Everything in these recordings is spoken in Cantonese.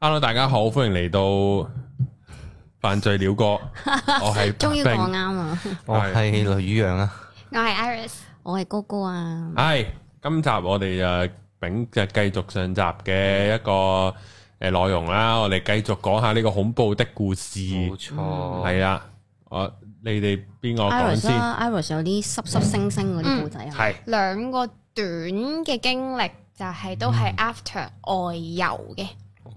hello，大家好，歡迎嚟到犯罪鳥歌。我係終於講啱啦，我係雷宇陽啊，我係 Iris，我係歌歌啊。係今集我哋就並就繼續上集嘅一個誒內容啦。我哋繼續講下呢個恐怖的故事，冇錯係啦。我你哋邊個講先？Iris 有啲濕濕星星嗰啲故仔啊，係兩個短嘅經歷，就係都係 after 外遊嘅。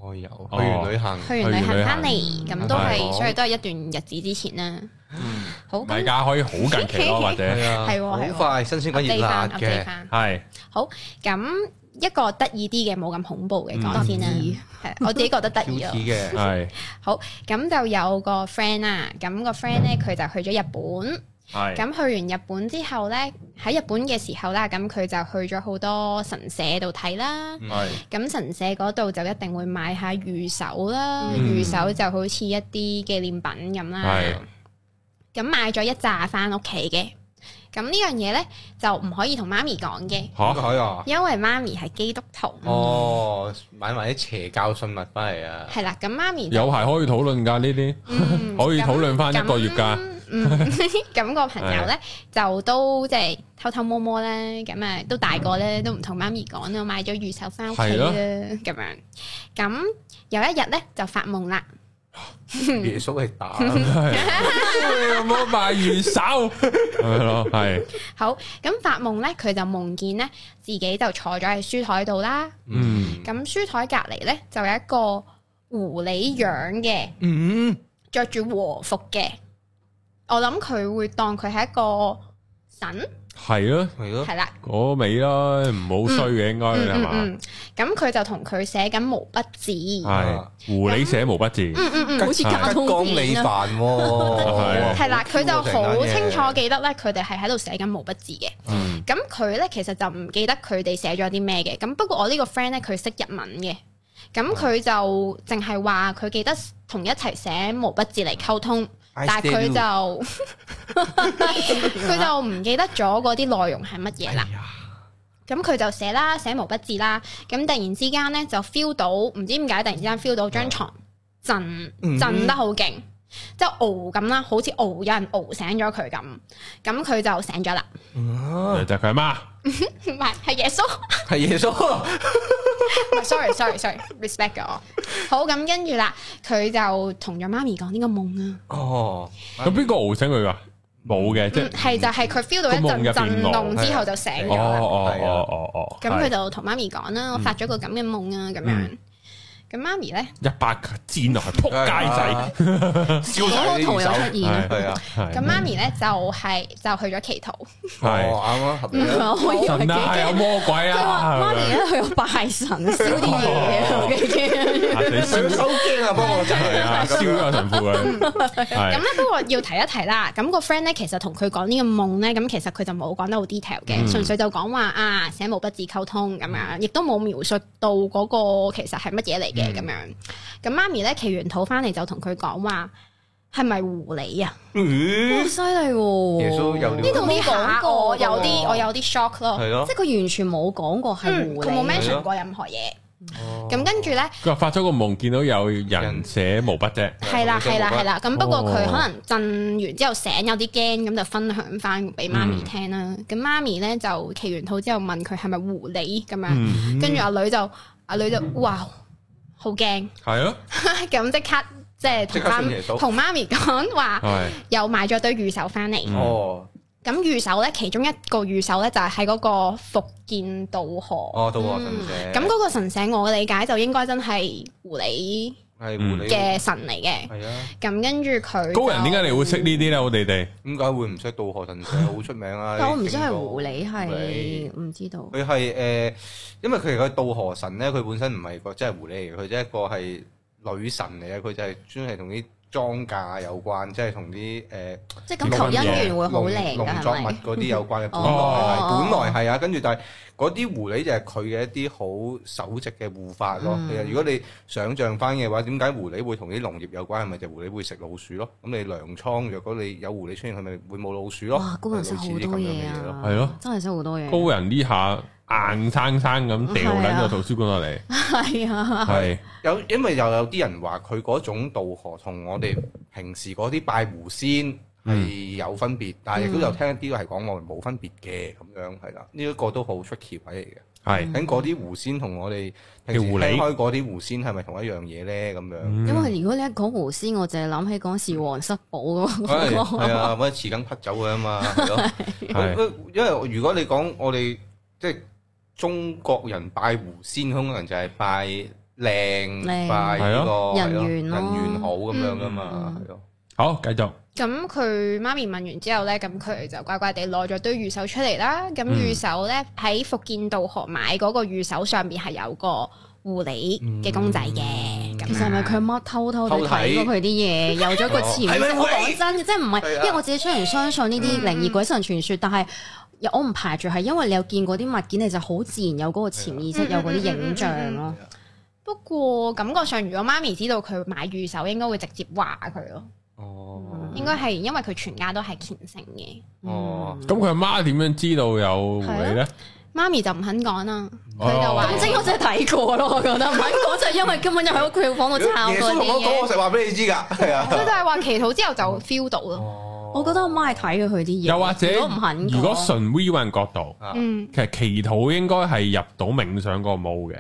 我有去完旅行，去完旅行翻嚟，咁都係，所以都係一段日子之前啦。好，大家可以好近期或者係喎，好快新鮮鬼熱辣嘅，係好咁一個得意啲嘅，冇咁恐怖嘅講先啦。係我自己覺得得意嘅，係好咁就有個 friend 啦，咁個 friend 咧佢就去咗日本。咁去完日本之後咧，喺日本嘅時候啦，咁佢就去咗好多神社度睇啦。係咁是神社嗰度就一定會買下御守啦，嗯、御守就好似一啲紀念品咁啦。係咁是買咗一紮翻屋企嘅。咁呢樣嘢咧就唔可以同媽咪講嘅。可可啊？因為媽咪係基督徒。哦，買埋啲邪教信物翻嚟啊！係啦，咁媽咪有排可以討論噶呢啲， 嗯、可以討論翻一個月噶。 嗯，咁個朋友咧就都即係偷偷摸摸咧，咁啊都大個咧，都唔同媽咪講啦，買咗預售翻屋企啦，咁樣。咁有一日咧就發夢啦，耶穌係打，有冇買預售係咯係。好，咁發夢咧，佢就夢見咧自己就坐咗喺書枱度啦。嗯，咁書枱隔籬咧就有一個狐狸樣嘅，嗯，着住和服嘅。我諗佢會當佢係一個神，係咯係咯，係啦嗰尾啦，唔好衰嘅應該係嘛？咁佢就同佢寫緊毛筆字，係狐狸寫毛筆字，嗯嗯嗯,嗯，好似卡通片咯。係啦，佢就好清楚記得咧，佢哋係喺度寫緊毛筆字嘅。咁佢咧其實就唔記得佢哋寫咗啲咩嘅。咁不過我呢個 friend 咧佢識日文嘅，咁佢就淨係話佢記得同一齊寫毛筆字嚟溝通。嗯但係佢就佢 就唔記得咗嗰啲內容係乜嘢啦，咁佢、哎、呀就寫啦，寫毛筆字啦，咁突然之間咧就 feel 到唔知點解突然之間 feel 到張床震、哦、震得好勁，嗯嗯即係熬咁啦，好似熬有人熬醒咗佢咁，咁佢就醒咗啦。但係佢阿媽？唔係， 係耶穌，係 耶穌。 sorry sorry sorry respect 我好，咁跟住啦，佢就同咗媽咪講呢個夢啊。哦，咁邊個喚醒佢噶？冇嘅，係就係佢 feel 到一陣震動之後就醒咗。哦哦哦哦哦，咁佢就同媽咪講啦，我發咗個咁嘅夢啊，咁樣。咁媽咪咧，一把箭落去仆街仔，笑到啲圖有出現咯。咁媽咪咧就係就去咗祈禱，係啱啊！神啊，有魔鬼啊！媽咪咧去拜神，燒啲嘢嘅，幾驚！小啊！不過真係啊，燒啊神父啊！咁咧不過要提一提啦。咁個 friend 咧其實同佢講呢個夢咧，咁其實佢就冇講得好 detail 嘅，純粹就講話啊寫毛筆字溝通咁樣，亦都冇描述到嗰個其實係乜嘢嚟嘅。咁樣，咁媽咪咧祈完禱翻嚟就同佢講話，係咪狐狸啊？好犀利喎！呢度，冇講、啊、過，有啲我有啲 shock、嗯、咯，係咯，即係佢完全冇講過係狐狸，佢冇、嗯、mention 過任何嘢。咁咯跟住咧，佢話發咗個夢，見到有人寫毛筆啫。係啦、嗯，係啦、啊，係啦、啊。咁不過佢可能震完之後醒，有啲驚，咁就分享翻俾媽咪聽啦、啊。咁媽咪咧就祈完禱之後問佢係咪狐狸咁、啊、樣，嗯嗯、跟住阿女就阿女就哇！嗯好驚係啊！咁 即刻即係同媽同媽咪講話，媽媽又買咗堆御守翻嚟。哦，咁御守咧，其中一個御守咧就係喺嗰個伏見稻荷。哦，稻荷神社。咁嗰、嗯、個神社，我理解就應該真係狐狸。係狐狸嘅神嚟嘅，咁、嗯、跟住佢，高人點解你會識呢啲咧？我哋哋點解會唔識渡河神好 出名啊？ 但我唔知係狐狸係唔 知道，佢係誒，因為佢個渡河神咧，佢本身唔係個即係狐狸嚟嘅，佢即係一個係女神嚟嘅，佢就係專係同啲。莊稼有關，即係同啲誒，呃、即係咁求姻緣農會好靈嘅，農作物嗰啲有關嘅、 哦、本來，哦、本來係啊，跟住、哦、但係嗰啲狐狸就係佢嘅一啲好守值嘅護法咯。嗯、其實如果你想像翻嘅話，點解狐狸會同啲農業有關？係咪就係狐狸會食老鼠咯？咁你糧倉若果你有狐狸出現，佢咪會冇老鼠咯？哇！高人識好多嘢啊，係咯，真係識好多嘢。高人呢下。硬生生咁掉撚個圖書館落嚟，係、嗯、啊，係有，因為又有啲人話佢嗰種道行同我哋平時嗰啲拜狐仙係有分別，嗯、但係亦都有聽一啲係講我哋冇分別嘅咁樣係啦，呢一、呢個都好出奇位嚟嘅，係、啊，咁嗰啲狐仙同我哋平時聽開嗰啲狐仙係咪同一樣嘢咧？咁樣，因為如果你一講狐仙，我就係諗起嗰時皇室堡嗰個，係啊，揾支匙羹劈走佢啊嘛，係咯，因為如果你講我哋即係。中國人拜狐仙，可能就係拜靚，拜呢個、啊人，緣啊、人緣好咁樣噶嘛、嗯嗯。好，繼續。咁佢媽咪問完之後咧，咁佢就乖乖地攞咗堆玉手出嚟啦。咁玉手咧喺福建道航買嗰個玉手上邊係有個狐狸嘅公仔嘅。嗯、其實係咪佢媽偷偷地睇過佢啲嘢，有咗個前兆？我講真嘅，即係唔係？因為我自己雖然相信呢啲靈異鬼神傳說，但係。我唔排除係因為你有見過啲物件，你就好自然有嗰個潛意識有嗰啲影像咯。不過感覺上，如果媽咪知道佢買預售，應該會直接話佢咯。哦，應該係因為佢全家都係虔誠嘅。哦，咁佢阿媽點樣知道有佢咧？媽咪就唔肯講啦。佢就話：反正我就係睇過咯。我覺得唔肯講就係因為根本就喺屋企房度抄。耶穌同我講，我成話俾你知㗎。係啊，佢就係話祈禱之後就 feel 到咯。我覺得我媽係睇佢啲嘢。如果唔肯，如果純 weave 運角度，其實祈禱應該係入到冥想個毛嘅，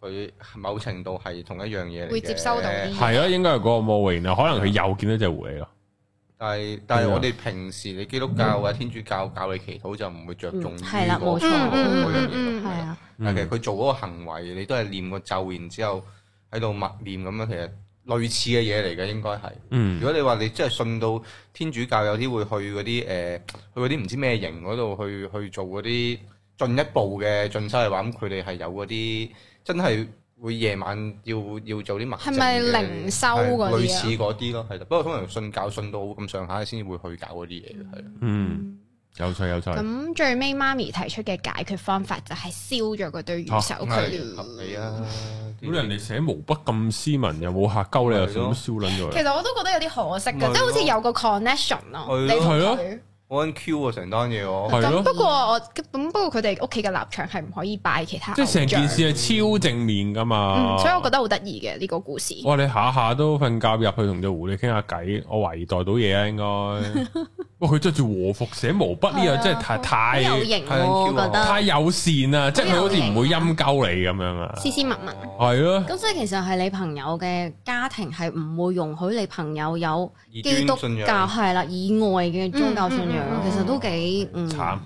佢某程度係同一樣嘢嚟，會接收到啲。係咯，應該係嗰個 m 可能佢又見到隻狐狸咯。但係但係，我哋平時，你基督教啊、天主教教你祈禱就唔會着重呢，係啦，冇錯。嗯嗯嗯，係啊。但其實佢做嗰個行為，你都係念個咒，然之後喺度默念咁樣，其實。類似嘅嘢嚟嘅應該係，嗯、如果你話你真係信到天主教，有啲會去嗰啲誒，去嗰啲唔知咩營嗰度去去做嗰啲進一步嘅進修嘅話，咁佢哋係有嗰啲真係會夜晚要要做啲物，係咪靈修嗰啲？類似嗰啲咯，係啦、嗯。不過通常信教信到咁上下先至會去搞嗰啲嘢，係。嗯，有錯有錯。咁最尾媽咪提出嘅解決方法就係燒咗嗰堆魚手佢。合理啊！啊啊咁人哋寫毛筆咁斯文，又冇嚇鳩你又想想，又做乜燒咗。其實我都覺得有啲可惜嘅，即係的好似有個 connection 咯的。係咯我 n Q 啊，成單嘢喎。係咯，不過我咁不過佢哋屋企嘅立場係唔可以拜其他。即係成件事係超正面噶嘛、嗯，所以我覺得好得意嘅呢個故事。哇！你下下都瞓覺入去同隻狐狸傾下偈，我懷疑代到嘢啊，應該。 佢着住和服寫毛筆呢樣真係太太有型喎。我覺得太友善啊！即係佢好似唔會陰鳩你咁樣啊，私私密密。係咯，咁所以其實係你朋友嘅家庭係唔會容許你朋友有基督教係啦以外嘅宗教信仰，其實都幾慘。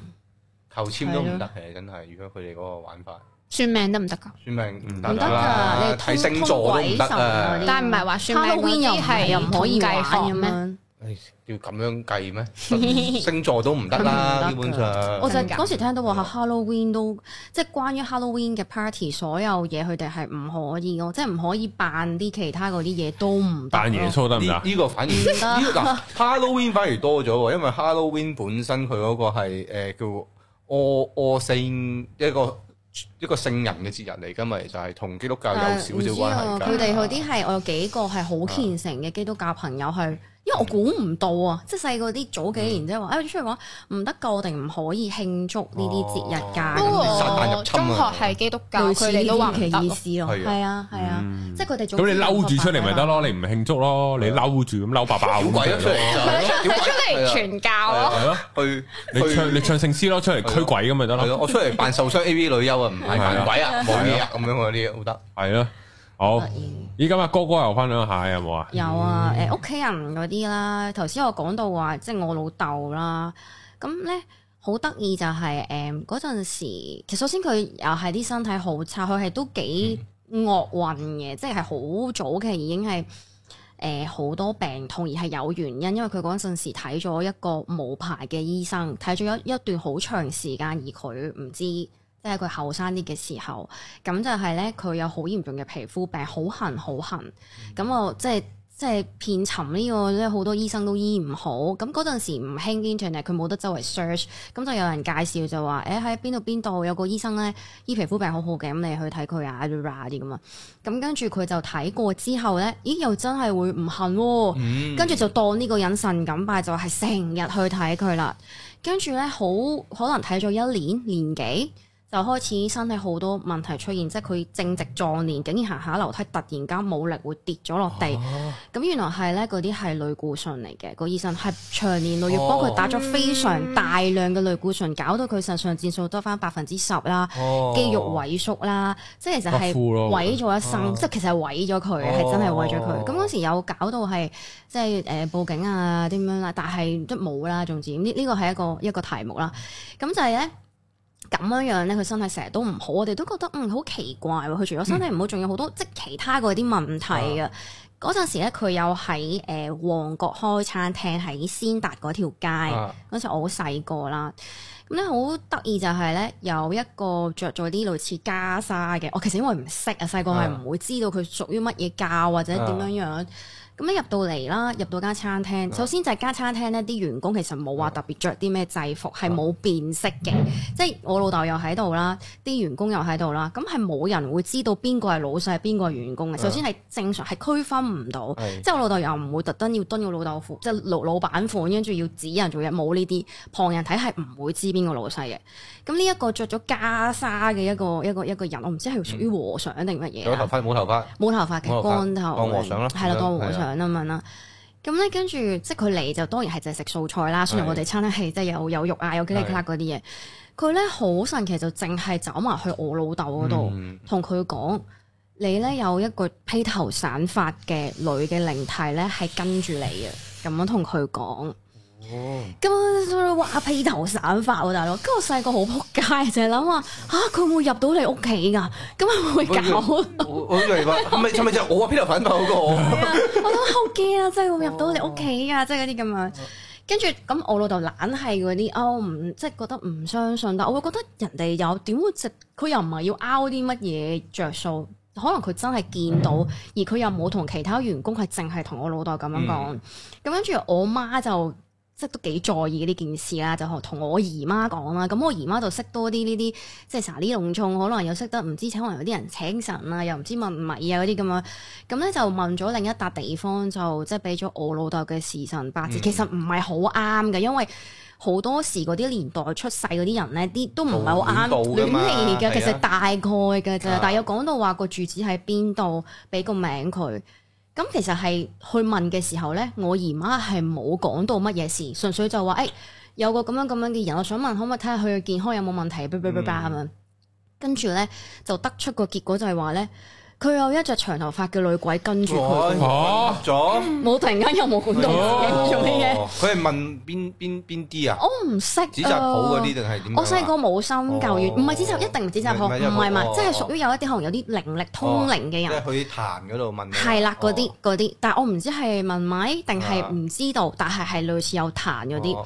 求簽都唔得嘅，真係如果佢哋嗰個玩法，算命得唔得噶？算命唔得唔得噶，你睇星座但係唔係話算命嗰啲係又唔可以計咁樣。要咁樣計咩？星座都唔得啦，基本上。我就嗰時聽到話，Halloween 都即係關於 Halloween 嘅 party，所有嘢佢哋係唔可以，即係唔可以扮啲其他嗰啲嘢都唔。扮耶穌得唔得？呢個反而，Halloween 反而多咗，因為 Halloween 本身佢嗰個係誒叫惡惡聖一個一個聖人嘅節日嚟，咁咪就係同基督教有少少關係。佢哋嗰啲係我有幾個係好虔誠嘅基督教朋友去。因為我估唔到啊，即係細個啲早幾年即係話，誒出嚟講唔得夠定唔可以慶祝呢啲節日㗎？中學係基督教，佢哋都唔其意思咯，係啊係啊，即係佢哋。咁你嬲住出嚟咪得咯，你唔慶祝咯，你嬲住咁嬲爸爸，點鬼出嚟？點出嚟傳教咯？去你唱你唱聖詩咯，出嚟驅鬼咁咪得咯？我出嚟扮受傷 A V 女優啊，唔係扮鬼啊，冇嘢啊咁樣嗰啲好得。係啊。好，而家阿歌歌又分享下有冇啊？有啊，誒、呃，屋企人嗰啲啦，頭先我講到話，即係我老豆啦，咁咧好得意就係、是，誒、呃，嗰陣時，其實首先佢又係啲身體好差，佢係都幾惡運嘅，嗯、即係係好早期已經係，誒、呃，好多病痛而係有原因，因為佢嗰陣時睇咗一個冇牌嘅醫生，睇咗一一段好長時間，而佢唔知。即係佢後生啲嘅時候，咁就係咧，佢有好嚴重嘅皮膚病，好痕好痕。咁我即係即係遍尋呢、這個咧，好多醫生都醫唔好。咁嗰陣時唔興 internet，佢冇得周圍 search，咁就有人介紹就話，誒喺邊度邊度有個醫生咧，醫皮膚病好好嘅，咁你去睇佢啊啲咁啊。咁跟住佢就睇過之後咧，咦又真係會唔痕、嗯就是。跟住就當呢個隱神咁拜，就係成日去睇佢啦。跟住咧，好可能睇咗一年年幾。就開始身體好多問題出現，即係佢正值壯年，竟然行下樓梯突然間冇力，會跌咗落地。咁、啊、原來係咧，嗰啲係類固醇嚟嘅。個醫生係長年累月幫佢、哦、打咗非常大量嘅類固醇，搞到佢身上線數多翻百分之十啦，哦、肌肉萎縮啦，即係其實係毀咗一生。啊、即係其實係毀咗佢，係真係毀咗佢。咁嗰、哦、時有搞到係即係誒、呃、報警啊點樣啦，但係都冇啦，總之呢呢個係一個一個題目啦。咁就係咧。咁樣樣咧，佢身體成日都唔好，我哋都覺得嗯好奇怪喎。佢除咗身體唔好，仲有好多即係其他嗰啲問題啊。嗰陣時咧，佢有喺誒旺角開餐廳，喺先達嗰條街。嗰、啊、時我好細個啦，咁咧好得意就係、是、咧有一個着咗啲類似袈裟嘅。我其實因為唔識啊，細個係唔會知道佢屬於乜嘢教或者點樣樣。咁一入到嚟啦，入到間餐廳，嗯、首先就係間餐廳咧，啲員工其實冇話特別着啲咩制服，係冇、嗯、辨識嘅。嗯、即係我老豆又喺度啦，啲員工又喺度啦，咁係冇人會知道邊個係老細，邊個係員工嘅。嗯、首先係正常係區分唔到，嗯、即係我老豆又唔會特登要蹲個老豆腐，即、就、係、係、老老闆款，跟住要指人做嘢，冇呢啲旁人睇係唔會知邊個老細嘅。咁呢一個着咗袈裟嘅一個一個一個人，我唔知係屬於和尚定乜嘢？有、嗯、頭髮，冇頭髮。冇頭髮嘅光頭。當和尚啦，係啦對樣，當和尚咁樣啦。咁咧跟住，即係佢嚟就當然係淨係食素菜啦。雖然我哋餐廳係即係有有肉啊，有幾粒粒嗰啲嘢。佢咧好神奇，就淨係走埋去我老豆嗰度，同佢講：你咧有一個披頭散發嘅女嘅靈體咧，係跟住你啊！咁樣同佢講。哦，咁話披頭散髮喎，大佬。跟住我細個好撲街，就係諗話啊，佢會入到你屋企噶，咁會唔會搞？我明白，唔係，唔係就我話披頭散髮嗰個。我都好驚啊，真係會入到我哋屋企啊，即係嗰啲咁啊。跟住咁我老豆，懶係嗰啲拗唔，即係覺得唔相信。但我會覺得人哋有點會直，佢又唔係要拗啲乜嘢着數。可能佢真係見到，而佢又冇同其他員工，佢淨係同我老豆咁樣講。咁跟住我媽就。即都幾在意呢件事啦，就同我姨媽講啦。咁我姨媽就識多啲呢啲，即係查啲農曆，可能又識得唔知請可能有啲人請神啦，又唔知問米啊嗰啲咁樣。咁咧就問咗另一笪地方，就即係俾咗我老豆嘅時辰八字，嗯、其實唔係好啱嘅，因為好多時嗰啲年代出世嗰啲人咧，啲都唔係好啱亂嚟嘅。啊、其實大概嘅啫，啊、但係有講到話個住址喺邊度，俾個名佢。咁其實係去問嘅時候咧，我姨媽係冇講到乜嘢事，純粹就話誒、欸、有個咁樣咁樣嘅人，我想問可唔可以睇下佢嘅健康有冇問題？唔唔唔，係咪？跟住咧就得出個結果就係話咧。佢有一隻長頭髮嘅女鬼跟住佢，左左冇突然間有冇管道做咩嘢？佢係問邊邊邊啲啊？我唔識紙紮舖嗰啲定係點？我細個冇心教完，唔係紙紮，一定係紙紮舖，唔係唔係，即係屬於有一啲可能有啲靈力通靈嘅人。去壇嗰度問係啦，嗰啲嗰啲，但係我唔知係問米定係唔知道，但係係類似有壇嗰啲。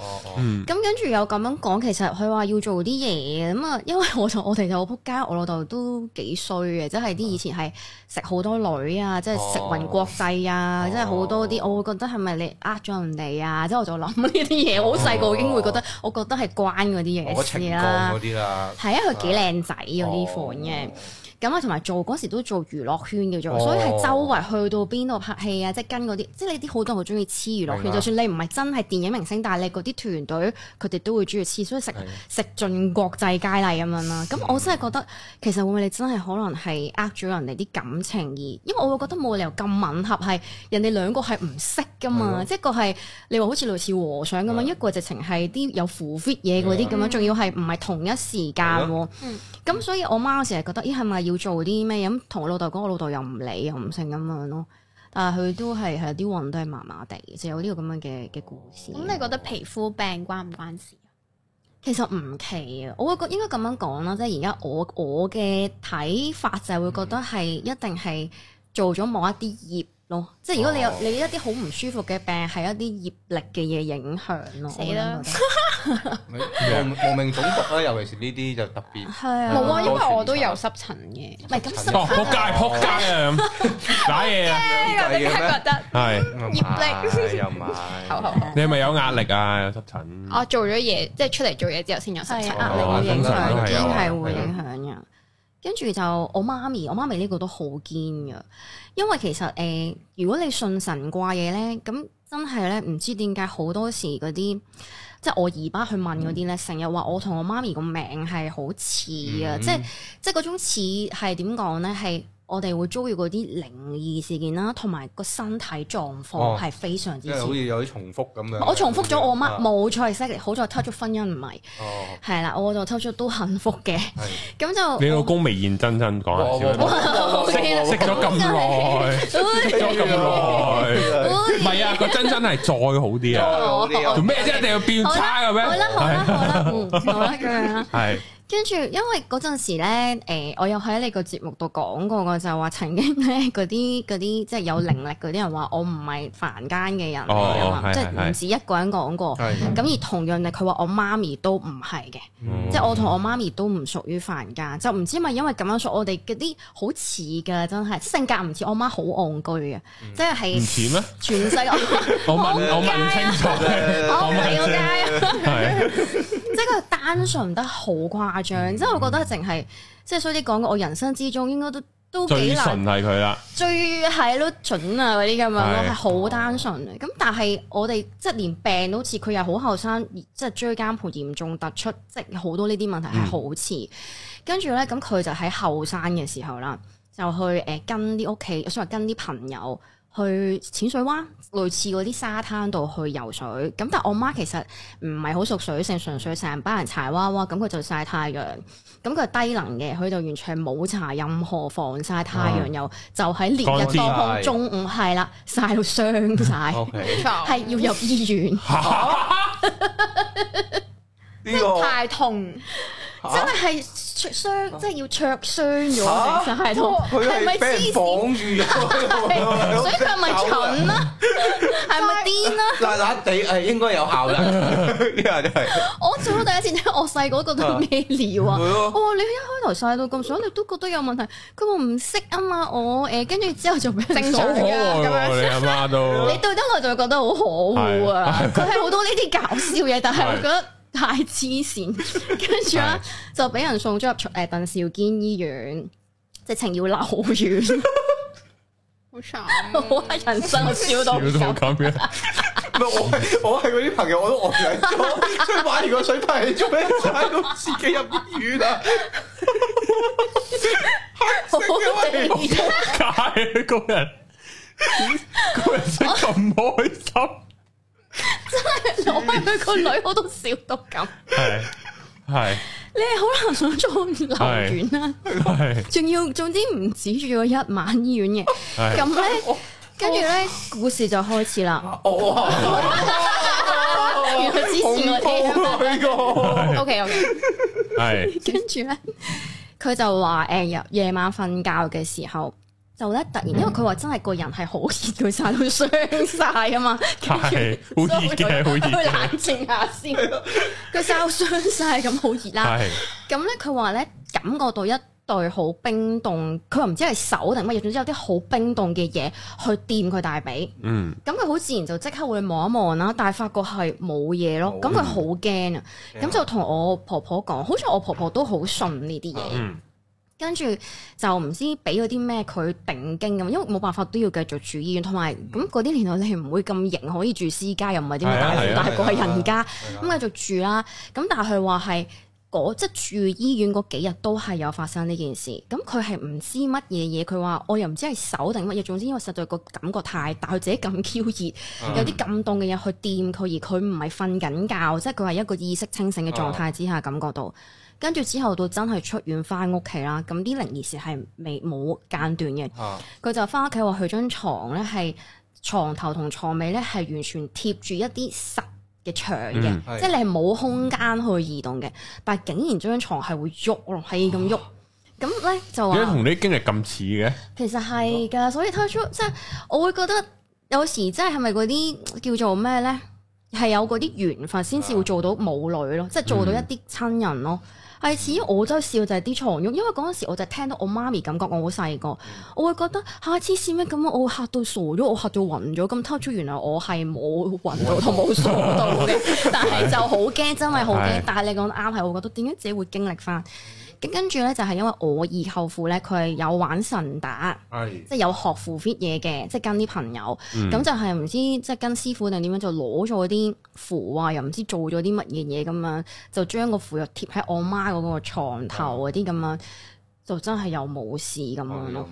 咁跟住又咁樣講，其實佢話要做啲嘢咁啊，因為我從我哋就我仆街，我老豆都幾衰嘅，即係啲以前係。食好多女啊，即係食勻國際啊，哦、即係好多啲，我會覺得係咪你呃咗人哋啊？即係、哦、我就諗呢啲嘢，我好細個已經會覺得，哦、我覺得係關嗰啲嘢事啦。係啊，佢幾靚仔嗰啲、哦、款嘅。咁啊，同埋做嗰時都做娛樂圈嘅咋，哦哦哦，所以係周圍去到邊度拍戲啊，即係跟嗰啲，即係你啲好多人好中意黐娛樂圈，白就算你唔係真係電影明星，但係你嗰啲團隊佢哋都會中意黐，所以食食盡國際佳麗咁樣啦。咁噗 我真係覺得其實會唔會你真係可能係呃咗人哋啲感情而，因為我會覺得冇理由咁吻合係人哋兩個係唔識㗎嘛，白即係個係你話好似類似和尚咁白樣，一個直情係啲有 fit 嘢嗰啲咁樣，仲要係唔係同一時間喎，咁白、嗯、所以我媽嗰時係覺得，咦係咪？是要做啲咩咁？同我老豆講，我老豆又唔理，又唔成咁樣咯。但係佢都係係啲運都係麻麻地，就有呢個咁樣嘅嘅故事。咁、嗯、你覺得皮膚病關唔關事啊？ 其實唔奇啊，我會覺得應該咁樣講啦。即係而家我我嘅睇法就係會覺得係 一定係做咗某一啲業。咯，即係如果你有你一啲好唔舒服嘅病，係一啲業力嘅嘢影響咯，死啦！無無名腫毒啦，尤其是呢啲就特別。係啊，冇啊，因為我都有濕疹嘅，唔係咁濕。仆街，仆街啊！打嘢啊！我真係覺得，係業力又唔係。好好好，你係咪有壓力啊？有濕疹。我做咗嘢，即係出嚟做嘢之後先有濕疹，壓力會影響，係會影響嘅。跟住就我媽咪，我媽咪呢個都好堅㗎，因為其實誒、呃，如果你信神怪嘢咧，咁真係咧，唔知點解好多時嗰啲，即係我姨媽去問嗰啲咧，成日話我同我媽咪個名係好似啊，即係即係嗰種似係點講咧係。我哋會遭遇嗰啲靈異事件啦，同埋個身體狀況係非常之，即係好似有啲重複咁樣。我重複咗我媽冇錯，好彩抽出婚姻唔係，係啦，我就抽出都幸福嘅。咁就你老公微現真真講下識咗咁耐，識咗咁耐，唔係啊，個真真係再好啲啊，做咩啫？一定要變差嘅咩？係。跟住，因為嗰陣時咧，誒、呃，我有喺你個節目度講過，就話曾經咧嗰啲嗰啲即係有能力嗰啲人話我唔係凡間嘅人，即係唔、哦、止一個人講過。咁的而同樣嘅佢話我媽咪都唔係嘅，嗯、即係我同我媽咪都唔屬於凡間，就唔知咪因為咁樣說，我哋嗰啲好似噶真係性格唔似，我媽好戇居嘅，嗯、即係係唔全世 我唔了 怕我唔清楚， 我唔瞭解。 即係佢單純得好誇張，即係、嗯、我覺得淨係即係衰啲講嘅，我人生之中應該都都幾難純係佢啦，最係咯準啊嗰啲咁樣咯，係好是單純嘅。咁但係我哋即係連病都似佢，又好後生，即係椎間盤嚴重突出，即係好多呢啲問題係好似。跟住咧，咁佢就喺後生嘅時候啦，就去誒、呃、跟啲屋企，即係話跟啲朋友。去淺水灣，類似嗰啲沙灘度去游水。咁但係我媽其實唔係好熟水性，純粹成班人柴娃娃，咁佢就曬太陽。咁佢係低能嘅，佢就完全冇搽任何防曬太陽油、啊、就喺烈日當空中午係啦曬到傷晒，係、啊、要入醫院。呢個太痛。真係係灼傷，真係要灼傷咗，其係咯？係咪黐線，所以佢咪蠢啦，係咪癲啦？垃垃地係應該有效啦，呢個都係。我做咗第一次，我細個覺得咩料啊？哦，你一開頭曬到咁想，你都覺得有問題。佢話唔識啊嘛，我誒，跟住之後就正常嘅咁樣。你吓你對得耐就會覺得好可惡啊！佢係好多呢啲搞笑嘢，但係我覺得。太黐線，跟住咧就俾人送咗入誒、呃、鄧兆堅醫院，直情要留院，好慘！ 我係人生笑到唔想。唔係我係我係嗰啲朋友，我都我諗，你買完個水牌，你做咩慘到自己入醫院啊？黑色嘅胃解嗰人，嗰 人先咁開心。真係攞翻佢個女，我都笑到咁。係係，你係好難想做留院啦，仲要總之唔止住咗一晚醫院嘅。咁咧，跟住咧，故事就開始啦。哇！好荒謬啊！OK OK，係跟住咧，佢就話誒，夜夜晚瞓覺嘅時候。就咧突然，嗯、因為佢話真係個人係好熱，佢曬到傷晒啊嘛，好熱好熱，冷靜下先。佢曬傷晒咁好熱啦，咁咧佢話咧感覺到一對好冰凍，佢又唔知係手定乜嘢，總之有啲好冰凍嘅嘢去掂佢大髀。嗯，咁佢好自然就即刻會望一望啦，但係發覺係冇嘢咯，咁佢好驚啊，咁、嗯、就同我婆婆講，好似我婆婆都好信呢啲嘢。嗯跟住就唔知俾咗啲咩佢定驚咁，因為冇辦法都要繼續住醫院，同埋咁嗰啲年代你唔會咁型，可以住私家又唔係啲大好、啊、大個人家咁、啊啊、繼續住啦。咁但係佢話係嗰即係住醫院嗰幾日都係有發生呢件事。咁佢係唔知乜嘢嘢，佢話我又唔知係手定乜嘢。總之因為實在個感覺太大，佢自己咁嬌熱，嗯、有啲咁凍嘅嘢去掂佢，而佢唔係瞓緊覺，即係佢係一個意識清醒嘅狀態之下感覺到。嗯跟住之後到真係出院翻屋企啦，咁啲靈異事係未冇間斷嘅。佢、啊、就翻屋企話佢張床咧係床頭同床尾咧係完全貼住一啲實嘅牆嘅，嗯、即係你係冇空間去移動嘅。但係竟然張床係會喐，係咁喐。咁咧就點解同你經歷咁似嘅？其實係㗎，所以推出即係我會覺得有時即係係咪嗰啲叫做咩咧？係有嗰啲緣分先至會做到母女咯，啊嗯、即係做到一啲親人咯。係，至於我真係笑就係、是、啲床褥，因為嗰陣時我就聽到我媽咪感覺我好細個，我會覺得下次試咩咁，啊、我會嚇到傻咗，我嚇到暈咗咁，突出原來我係冇暈到同冇傻到嘅，但係就好驚，真係好驚。 但係你講得啱係，我覺得點解自己會經歷翻？咁跟住咧就係、是、因為我二舅父咧，佢係有玩神打，哎、即係有學符 fit 嘢嘅，即係跟啲朋友，咁、嗯、就係唔知即係跟師傅定點樣，就攞咗啲符啊，又唔知做咗啲乜嘢嘢咁樣，就將個符又貼喺我媽嗰個牀頭嗰啲咁啊，就真係、哎、又冇事咁樣咯。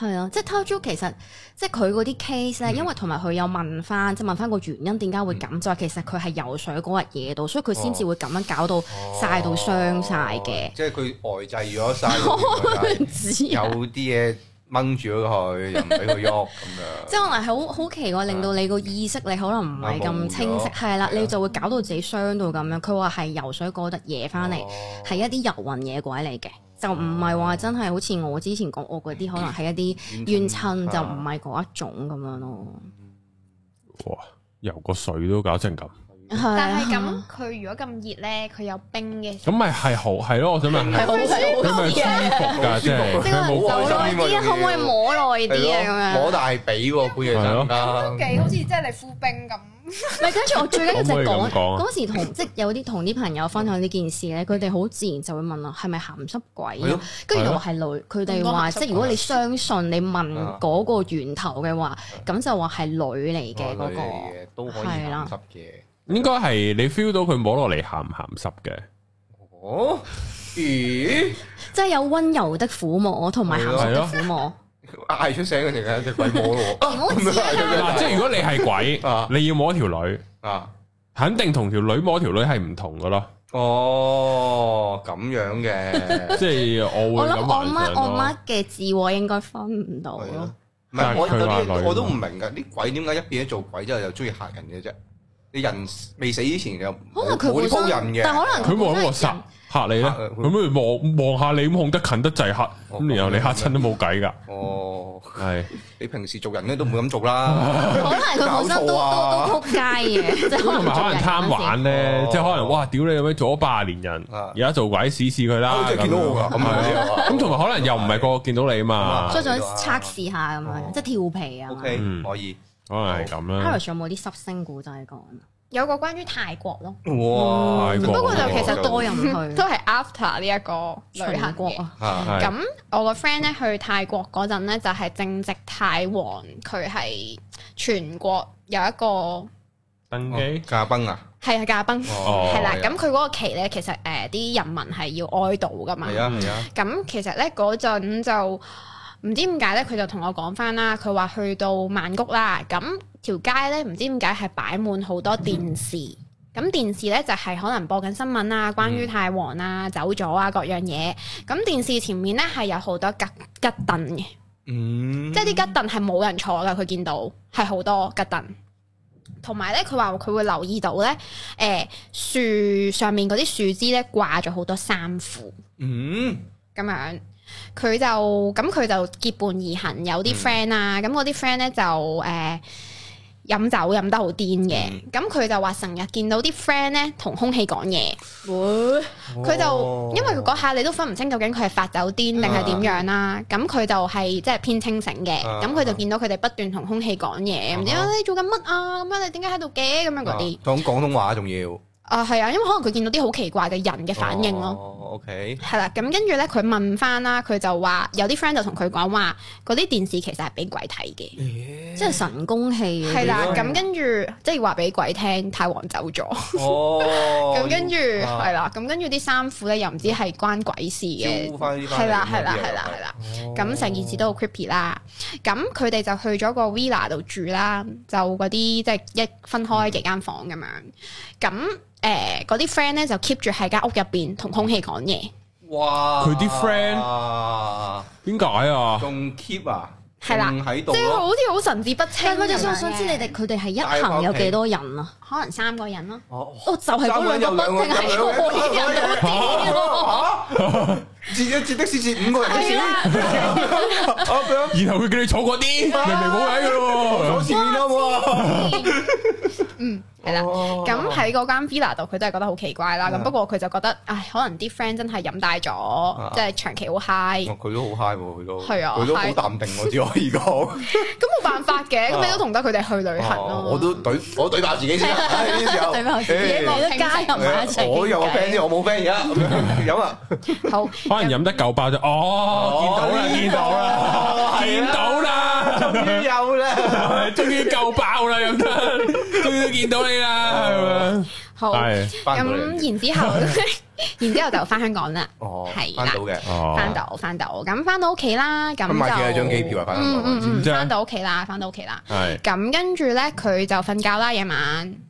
係啊、嗯，即係 Tattoo，其實即係佢嗰啲 case 咧，因為同埋佢有問翻，即係問翻個原因點解會咁，就係、嗯、其實佢係游水嗰日惹到，所以佢先至會咁樣搞到晒到傷晒嘅。即係佢呆滯咗晒，有啲嘢掹住咗佢又唔俾佢喐咁樣。即係可能好好奇怪，令到你個意識 你可能唔係咁清晰，係啦、嗯，你就會搞到自己傷到咁樣。佢話係游水嗰日惹翻嚟，係、嗯、一啲遊魂野鬼嚟嘅。就唔係話真係好似我之前講我嗰啲可能係一啲怨親，就唔係嗰一種咁樣咯、嗯。哇！游個水都搞成咁，但係咁佢如果咁熱咧，佢有冰嘅，咁咪係好係咯？我想問係，咁咪舒服㗎？舒服，好耐啲啊！分可唔可以摸耐啲啊？咁樣摸大髀喎，半夜三更好似即係嚟敷冰咁。嗯。係，跟住我最緊要就係嗰時同即係有啲同啲朋友分享呢件事咧，佢哋好自然就會問啦，係咪鹹濕鬼？跟住我係女，佢哋話即係如果你相信你問嗰個源頭嘅話，咁就話係女嚟嘅，嗰個都可以，鹹濕嘅，應該係你 feel 到佢摸落嚟鹹唔鹹濕嘅。哦，咦，即係有温柔的撫摸，同埋鹹濕的撫摸。嗌出醒佢哋嘅隻鬼摸我，嗱，即係如果你係鬼，你要摸條女，啊，肯定同條女摸條女係唔同噶咯。哦，咁樣嘅，即係我會咁矛盾咯。我我媽嘅智慧應該分唔到咯。唔係，我有啲我都唔明噶，啲鬼點解一變咗做鬼之後又中意嚇人嘅啫？你人未死之前又冇啲仆人嘅，但可能佢冇我上。嚇你咧，咁不如望望下你咁望得近得滯吓，咁然後你嚇親都冇計噶。哦，係你平時做人咧都唔會咁做啦，可能佢本身都都都撲街嘅，即係可能。同埋可能貪玩咧，即係可能哇，屌你咁樣做咗八年人，而家做鬼試試佢啦。即係見到我噶，咁同埋可能又唔係個個見到你嘛，所以想測試下咁樣，即係調皮啊。O K，可以，可能係咁啦。Iris 仲有冇啲濕星古仔講？有個關於泰國咯，哇不過就其實多人去，都係 after 呢一個旅行國啊。咁我個 friend 咧去泰國嗰陣咧就係正值泰皇。佢係全國有一個登基、哦、駕崩啊，係啊駕崩。係啦、哦。咁佢嗰個期咧其實誒啲、呃、人民係要哀悼噶嘛。咁其實咧嗰陣就唔知點解咧，佢就同我講翻啦，佢話去到曼谷啦，咁。條街咧唔知點解係擺滿好多電視，咁、嗯、電視咧就係可能播緊新聞啊，關於泰王啊走咗啊各樣嘢。咁電視前面咧係有好多吉吉凳嘅，嗯、即係啲吉凳係冇人坐噶。佢見到係好多吉凳，同埋咧佢話佢會留意到咧，誒、呃、樹上面嗰啲樹枝咧掛咗好多衫褲，咁、嗯、樣佢就咁佢就結伴而行，有啲 friend 啊，咁嗰啲 friend 咧就誒。呃飲酒飲得好癲嘅，咁佢、嗯、就話成日見到啲 friend 咧同空氣講嘢，佢、哦、就因為嗰下你都分唔清究竟佢係發酒癲定係點樣啦、啊，咁佢、啊、就係、是、即係偏清醒嘅，咁佢、啊、就見到佢哋不斷同空氣講嘢，唔知你做緊乜啊，咁、啊、樣你點解喺度嘅咁樣嗰啲，講、啊、廣東話仲要。啊，係啊，因為可能佢見到啲好奇怪嘅人嘅反應咯。OK。係啦，咁跟住咧，佢問翻啦，佢就話有啲 friend 就同佢講話，嗰啲電視其實係俾鬼睇嘅，即係神功戲。係啦，咁跟住即係話俾鬼聽，太王走咗。哦。咁跟住係啦，咁跟住啲衫褲咧又唔知係關鬼事嘅。招翻啲衫。係啦係啦係啦係啦。咁成件事都好 creepy 啦。咁佢哋就去咗個 villa 度住啦，就嗰啲即係一分開幾間房咁樣。咁誒，嗰啲 friend 咧就 keep 住喺間屋入邊同空氣講嘢。哇！佢啲 friend 點解啊？仲 keep 啊？係啦，喺度即係好似好神志不清。我想，想知你哋佢哋係一行有幾多人啊？可能三個人咯，哦就係嗰兩蚊，淨係嗰自己，接一接的士接五個人先，然後佢叫你坐過啲，明明冇位嘅喎，坐前面喎，嗯，係啦，咁喺嗰間 villa 度，佢都係覺得好奇怪啦。咁不過佢就覺得，唉，可能啲 friend 真係飲大咗，即係長期好 high，佢都好 high 喎，佢都係啊，佢都好淡定，我只可以講，咁冇辦法嘅，咁你都同得佢哋去旅行咯，我都懟，我懟埋自己先。有，我都加入埋一齊。我有 friend 我冇 friend 而家。飲啦，好，可能飲得夠爆就哦，見到啦，見到啦，見到啦，終於有啦，終於夠爆啦，有得，終於見到你啦，係咪？好，咁然之後，然之後就翻香港啦。哦，係啦，翻到嘅，翻到翻到，咁翻到屋企啦，咁就買咗張機票啊，翻香港。翻到屋企啦，翻到屋企啦，係。咁跟住咧，佢就瞓覺啦，夜晚。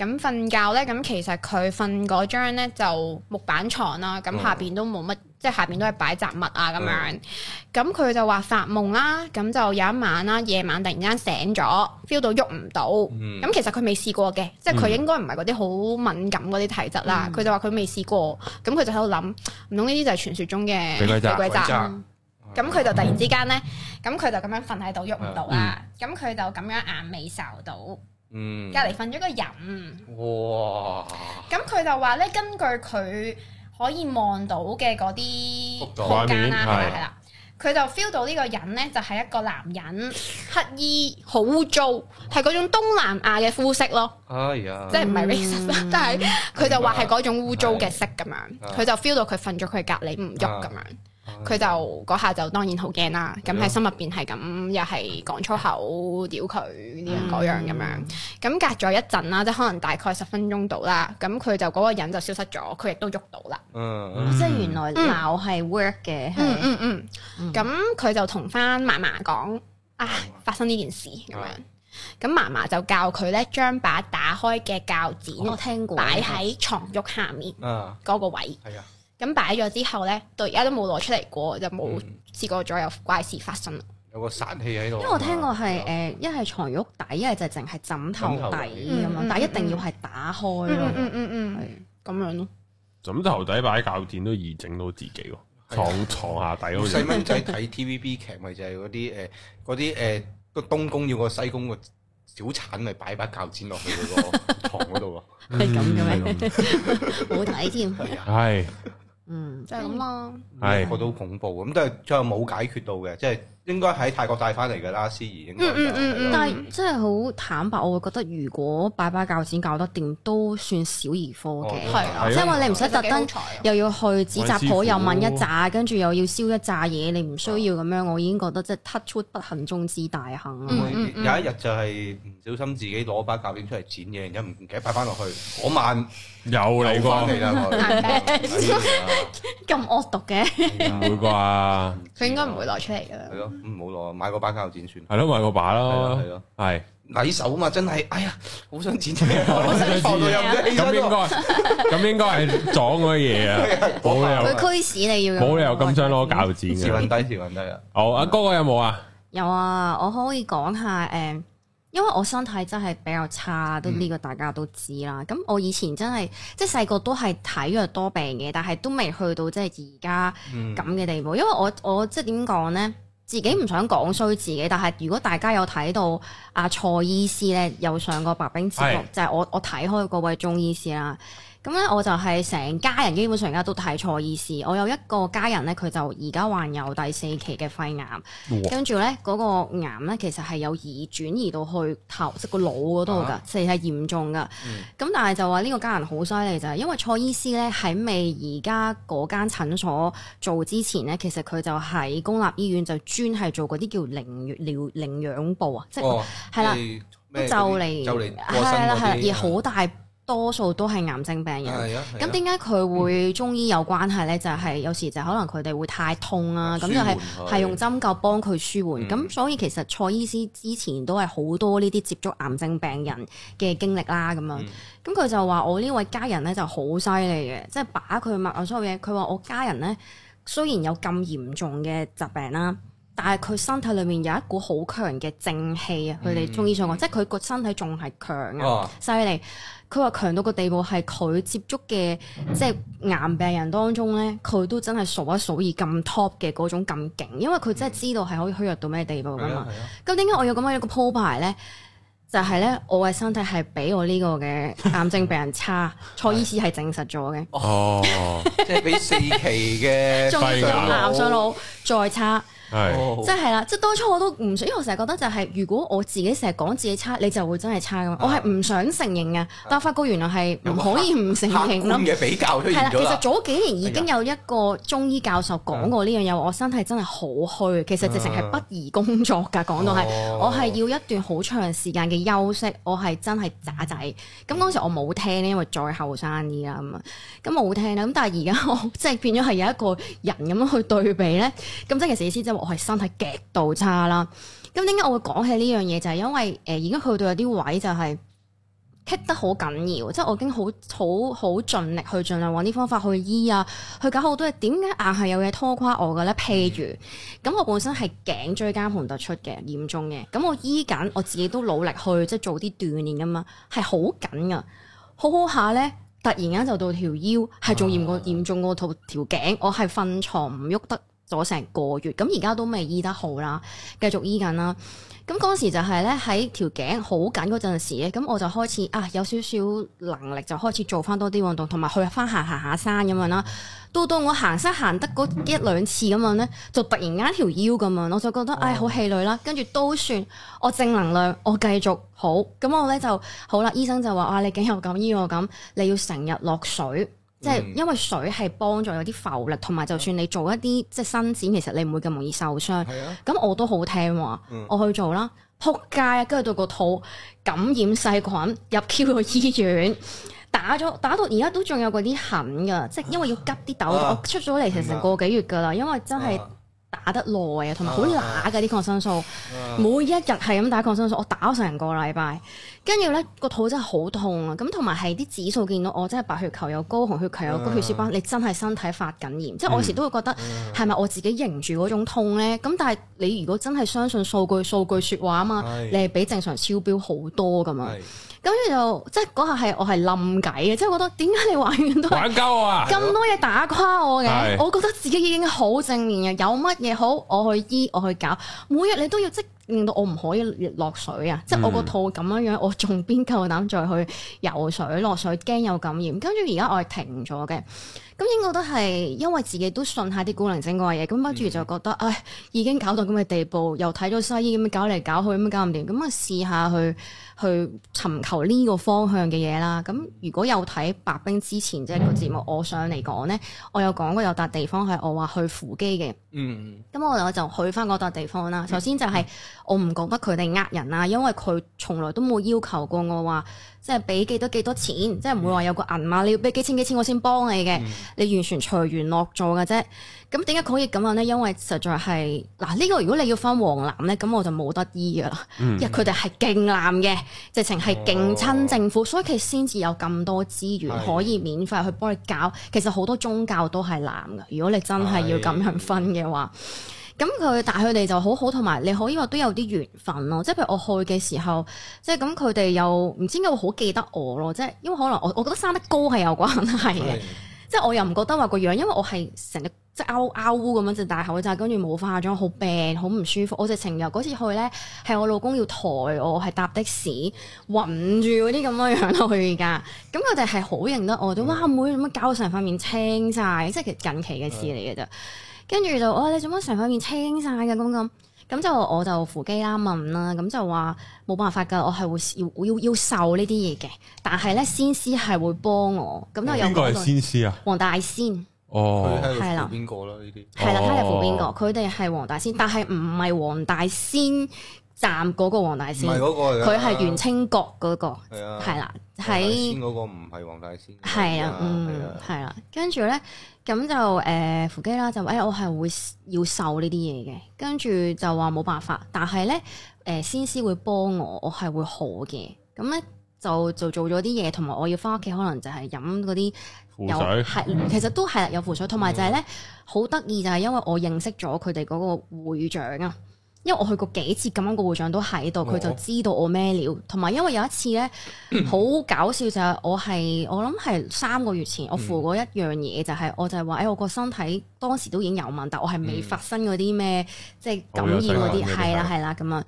咁瞓覺咧，咁其實佢瞓嗰張咧就木板床啦，咁、嗯、下邊都冇乜，即係下邊都係擺雜物啊咁、嗯、樣。咁佢就話發夢啦，咁就有一晚啦，夜晚突然間醒咗，feel 到喐唔到。咁、嗯、其實佢未試過嘅，即係佢應該唔係嗰啲好敏感嗰啲體質啦。佢、嗯、就話佢未試過，咁佢就喺度諗，唔通呢啲就係傳説中嘅俾鬼扎。咁佢就突然之間咧，咁佢、嗯、就咁樣瞓喺度喐唔到啦，咁佢、嗯嗯、就咁樣眼尾受到。嗯，隔籬瞓咗個人，哇！咁佢就話咧，根據佢可以望到嘅嗰啲空間啦，係啦係啦，佢就 feel 到呢個人咧就係一個男人，黑衣，好污糟，係嗰種東南亞嘅膚色咯，哎呀，即係唔係 race，但係佢就話係嗰種污糟嘅色咁樣，佢、嗯、就 feel 到佢瞓咗佢隔籬唔喐咁樣。佢就嗰下就當然好驚啦，咁喺心入邊係咁，又係講粗口，屌佢呢樣嗰樣咁樣。咁隔咗一陣啦，即係可能大概十分鐘到啦。咁佢就嗰個人就消失咗，佢亦都喐到啦。嗯，即係原來鬧係 work 嘅。嗯嗯嗯。咁佢就同翻嫲嫲講，啊，發生呢件事咁樣。咁嫲嫲就教佢咧，將把打開嘅鉸剪擺喺床褥下面嗰個位。係啊。咁擺咗之後咧，到而家都冇攞出嚟過，就冇試過再有怪事發生。有個煞氣喺度。因為我聽過係誒，一係床褥底，一係就淨係枕頭底咁啊！但係一定要係打開咯。嗯嗯嗯嗯，咁樣咯。枕頭底擺鉸剪都易整到自己喎。床下底咯。細蚊仔睇 TVB 劇咪就係嗰啲誒，嗰啲誒個東宮要個西宮個小產咪擺把鉸剪落去嗰個牀嗰度喎。係咁嘅咩？冇睇添。係。嗯，就係咁咯，係，覺得好恐怖咁，都係最後冇解決到嘅，即係。應該喺泰國帶翻嚟嘅啦，思怡。嗯嗯嗯，但係真係好坦白，我覺得如果擺把鉸剪搞得掂，都算小兒科嘅。係啊，即係話你唔使特登，又要去紙紮婆又問一紮，跟住又要燒一紮嘢，你唔需要咁樣，我已經覺得即係 touch wood 不幸中之大幸。有一日就係唔小心自己攞把鉸剪出嚟剪嘢，然後唔記得擺翻落去。嗰晚有嚟過。咁惡毒嘅？唔會啩？佢應該唔會攞出嚟㗎。係。唔好攞，買個把鉸剪算。係咯，買個把咯，係咯，係。舐手嘛，真係，哎呀，好想剪。咁應該咁應該係撞嗰啲嘢啊，冇理由。佢驅使你要冇理由咁想攞鉸剪嘅。時運低，時運低啊。好啊，哥哥有冇啊？有啊，我可以講下誒，因為我身體真係比較差，都呢個大家都知啦。咁我以前真係即係細個都係體弱多病嘅，但係都未去到即係而家咁嘅地步，因為我我即係點講咧？自己唔想講衰自己，但係如果大家有睇到阿、啊、蔡醫師咧，有上過白兵節目，是的 就係我我睇開嗰位中醫師啦。咁咧，我就係成家人基本上而家都睇蔡醫師。我有一個家人咧，佢就而家患有第四期嘅肺癌，跟住咧嗰個癌咧，其實係有移轉移到去頭，即個腦嗰度㗎，即係、啊、嚴重㗎。咁、嗯、但係就話呢個家人好犀利就係，因為蔡醫師咧喺未而家嗰間診所做之前咧，其實佢就喺公立醫院就專係做嗰啲叫寧療寧養部啊，哦、即係係啦，就嚟係啦係啦，而好大。多數都係癌症病人，咁點解佢會中醫有關係呢？嗯、就係有時就可能佢哋會太痛啦，咁緩就係係用針灸幫佢舒緩。咁、嗯、所以其實蔡醫師之前都係好多呢啲接觸癌症病人嘅經歷啦，咁樣。咁佢、嗯、就話：我呢位家人呢就好犀利嘅，即、就、係、是、把佢脈所有嘢。佢話我家人呢雖然有咁嚴重嘅疾病啦，但係佢身體裏面有一股好強嘅正氣啊！佢哋、嗯嗯、中醫上講，即係佢個身體仲係強啊，犀利害。佢話強到個地步係佢接觸嘅、mm hmm. 即係癌病人當中咧，佢都真係數一數二咁 top 嘅嗰種咁勁，因為佢真係知道係可以虛弱到咩地步噶、mm hmm. 嘛。咁點解我要咁樣一個鋪排咧？就係咧，我嘅身體係比我呢個嘅癌症病人差， 蔡醫師係證實咗嘅。 哦， 即係比四期嘅肺癌上腦。 再差，哦、即係啦，即係當初我都唔想，因為我成日覺得就係、是，如果我自己成日講自己差，你就會真係差噶嘛。啊、我係唔想承認噶，但我發覺原來係唔可以唔承認。客觀嘅比較係啦，其實早幾年已經有一個中醫教授講過呢樣嘢，啊、我身體真係好虛，其實直情係不宜工作噶。講到係，啊哦、我係要一段好長時間嘅休息，我係真係渣仔。咁、嗯、當時我冇聽因為再後生啲啦，咁啊，咁冇聽啦。咁但係而家我即係變咗係有一個人咁樣去對比咧。咁即係其實意思即係我係身體極度差啦。咁點解我會講起呢樣嘢？就係、是、因為誒，而家去到有啲位就係棘得好緊要，即、就、係、是、我已經好好好盡力去，盡量揾啲方法去醫啊，去搞好多嘢。點解硬係有嘢拖垮我嘅咧？譬如咁，我本身係頸椎間盤突出嘅，嚴重嘅。咁我醫緊，我自己都努力去即係做啲鍛鍊噶嘛，係好緊噶。好好下咧，突然間就到條腰，係仲嚴重嚴重過條條頸。哦、我係瞓床唔喐得。咗成個月，咁而家都未醫得好啦，繼續醫緊啦。咁嗰陣時就係、是、咧，喺條頸好緊嗰陣時咧，咁我就開始啊有少少能力就開始做翻多啲運動，同埋去翻行行下山咁樣啦。到到我行山行得嗰一兩次咁樣咧，就突然間條腰咁樣，我就覺得、哦、唉好氣餒啦。跟住都算我正能量，我繼續好。咁我咧就好啦。醫生就話，啊，你頸有咁，醫我咁，你要成日落水。即係因為水係幫助有啲浮力，同埋就算你做一啲即係伸展，其實你唔會咁容易受傷。咁是、啊、我都好聽話，我去做啦，仆街啊，跟住到個肚感染細菌，入 Q 個醫院，打咗打到而家都仲有嗰啲痕㗎。 即係因為要急啲痘，啊、我出咗嚟成成個幾月㗎啦，啊、因為真係。啊啊打得耐啊，同埋好乸嘅啲抗生素，啊啊、每一日係咁打抗生素，我打咗成個禮拜，跟住呢個肚真係好痛啊！咁同埋係啲指數見到我真係白血球又高，紅血球又高，血小板你真係身體發緊炎。啊、即係我有時都會覺得係咪、啊、我自己忍住嗰種痛呢？咁但係你如果真係相信數據數據説話啊嘛，是你係比正常超標好多噶嘛。咁就，即係嗰下係我係冧偈嘅，即係覺得點解你都我玩咁多玩鳩啊？咁多嘢打垮我嘅，我覺得自己已經好正面嘅，有乜嘢好我去醫我去搞，每日你都要即係令到我唔可以落水啊！嗯、即係我個肚咁樣樣，我仲邊夠膽再去游水落水，驚有感染。跟住而家我係停咗嘅。咁應該都係因為自己都信下啲古靈精怪嘅嘢，咁跟住就覺得，嗯、唉，已經搞到咁嘅地步，又睇咗西醫，咁樣搞嚟搞去，咁搞唔掂，咁啊試下去去尋求呢個方向嘅嘢啦。咁如果有睇白兵之前即係個節目，嗯、我上嚟講呢，我有講過有笪地方係我話去扶基嘅。嗯。咁我我就去翻嗰笪地方啦。首先就係我唔覺得佢哋呃人啦，嗯、因為佢從來都冇要求過我話，即係俾幾多幾多錢，嗯、即係唔會話有個銀碼你要俾幾千幾千我先幫你嘅。嗯你完全隨緣落座嘅啫，咁點解可以咁樣咧？因為實在係嗱呢個，如果你要分黃藍咧，咁我就冇得醫噶啦，嗯、因為佢哋係勁藍嘅，直情係勁親政府，哦、所以佢先至有咁多資源是可以免費去幫你搞。其實好多宗教都係藍嘅，如果你真係要咁樣分嘅話，咁佢但佢哋就好好，同埋你可以話都有啲緣分咯。即係譬如我去嘅時候，即係咁佢哋又唔知點解會好記得我咯，即係因為可能我我覺得生得高係有關係嘅。即係我又唔覺得話個樣，因為我係成日即係嘔嘔咁樣就戴口罩，跟住冇化妝，好病，好唔舒服。我直情又嗰次去咧，係我老公要抬我係搭的士，暈住嗰啲咁樣樣去而家。咁佢哋係好認得我，就哇阿妹，做乜搞成塊面青晒？即係其實近期嘅事嚟嘅啫。跟住是的 就哦，你做乜成塊面青晒嘅？咁咁。咁就我就扶機啦，問啦，咁就話冇辦法㗎，我係會要要要受呢啲嘢嘅。但係咧，先師係會幫我，咁有邊個係先師啊？黃大仙哦，係、啊、啦，邊個啦呢啲？係啦，睇下扶邊個，佢哋係黃大仙，但係唔係黃大仙站嗰個黃大仙，佢係元清閣嗰、嗰個，係呀呀啦。係先嗰個唔係黃大仙，係的啊，嗯的，係啦的。跟住咧，咁就誒扶、呃、乩啦，就、哎、誒我係會要受呢啲嘢嘅。跟住就話冇辦法，但係咧誒仙師會幫我，我係會好嘅。咁咧就就做咗啲嘢，同埋我要翻屋企，可能就係飲嗰啲水，係其實都係有符水，同埋就係咧好得意就係因為我認識咗佢哋嗰個會長啊。因為我去過幾次咁樣，個會長都喺度，佢就知道我咩料。同埋因為有一次咧，好 搞笑就係、是、我係我諗係三個月前，我扶過一樣嘢，嗯、就係、是、我就係話，誒、欸、我個身體當時都已經有問，但我係未發生嗰啲咩即係感染嗰啲，係啦係啦咁樣。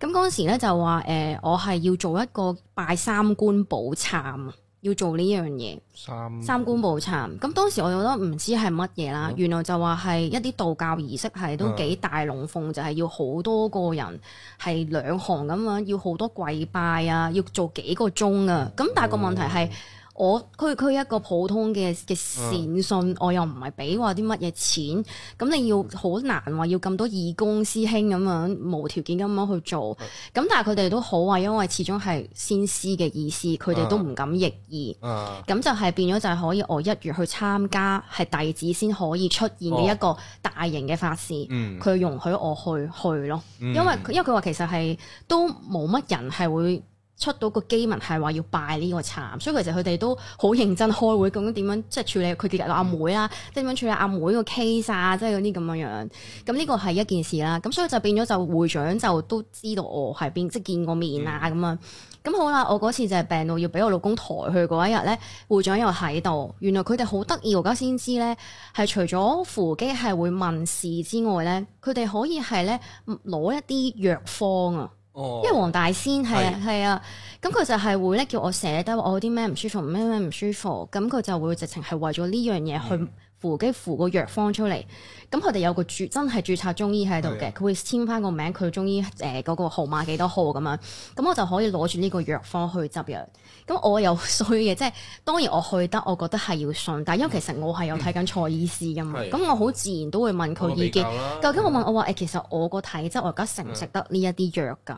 咁嗰陣時咧就話誒、呃，我係要做一個拜三官補懺。要做呢樣嘢，三三觀無參。咁當時我覺得唔知係乜嘢啦，嗯、原來就話係一啲道教儀式，係都幾大龍鳳，嗯、就係要好多個人係兩行咁樣，要好多跪拜啊，要做幾個鐘啊。咁但係個問題係。嗯我區區一個普通嘅嘅善信，啊、我又唔係俾話啲乜嘢錢，咁你要好難話要咁多義工師兄咁樣無條件咁樣去做，咁、啊、但係佢哋都好話，因為始終係先師嘅意思，佢哋都唔敢逆意，咁、啊啊、就係變咗就係可以我一月去參加係弟子先可以出現嘅一個大型嘅法事，佢、哦嗯、容許我去去咯，因為、嗯、因為佢話其實係都冇乜人係會。出到個機密係話要拜呢個禡，所以其實佢哋都好認真開會，究竟點樣即係處理佢哋阿妹啦，即係點樣處理阿妹個 case 啊，即係嗰啲咁樣樣。咁呢個係一件事啦。咁所以就變咗就會長就都知道我係邊，即係見過面啊咁啊。咁，嗯，好啦，我嗰次就係病到要俾我老公抬去嗰一日咧，會長又喺度。原來佢哋好得意，我而家先知咧，係除咗扶乩係會問事之外咧，佢哋可以係咧攞一啲藥方啊。因為黃大仙係啊，係啊，咁佢、哦、的就係會咧叫我寫得我啲咩唔舒服，咩咩唔舒服，咁佢就會直情係為咗呢樣嘢去、嗯。扶幾扶個藥方出嚟，咁佢哋有個注真係註冊中醫喺度嘅，佢的會簽翻個名，佢中醫誒嗰、呃嗰個號碼幾多號咁樣，咁我就可以攞住呢個藥方去執藥。咁我又衰嘅，即係當然我去得，我覺得係要信，但因為其實我係有睇緊蔡醫師㗎嘛，咁 的我好自然都會問佢意見。究竟我問我話誒，的其實我個體質我而家食唔食得呢一啲藥㗎？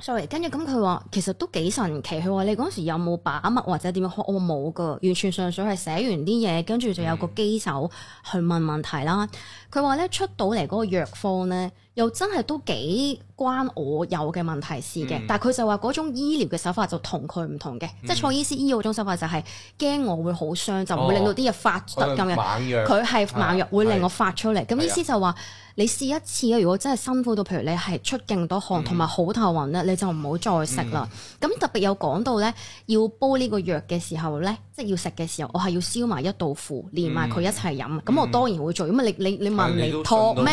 sorry，跟住咁佢話其實都幾神奇，佢話你嗰時有冇把脈或者點樣？我冇噶，完全純粹係寫完啲嘢，跟住就有個機手去問問題啦。佢話咧出到嚟嗰個藥方咧，又真係都幾關我有嘅問題事嘅。但係佢就話嗰種醫療嘅手法就同佢唔同嘅，嗯、即係蔡醫師醫藥嗰種手法就係驚我會好傷，就唔會令到啲嘢發突咁嘅。佢係、哦、猛藥會令我發出嚟，咁醫師就話。你試一次啊！如果真係辛苦到，譬如你係出勁多汗同埋好頭暈咧，你就唔好再食啦。咁、嗯、特別有講到咧，要煲呢個藥嘅時候咧，即係要食嘅時候，我係要燒埋一道符，連埋佢一齊飲。咁、嗯、我當然會做，因為你你你問你托咩？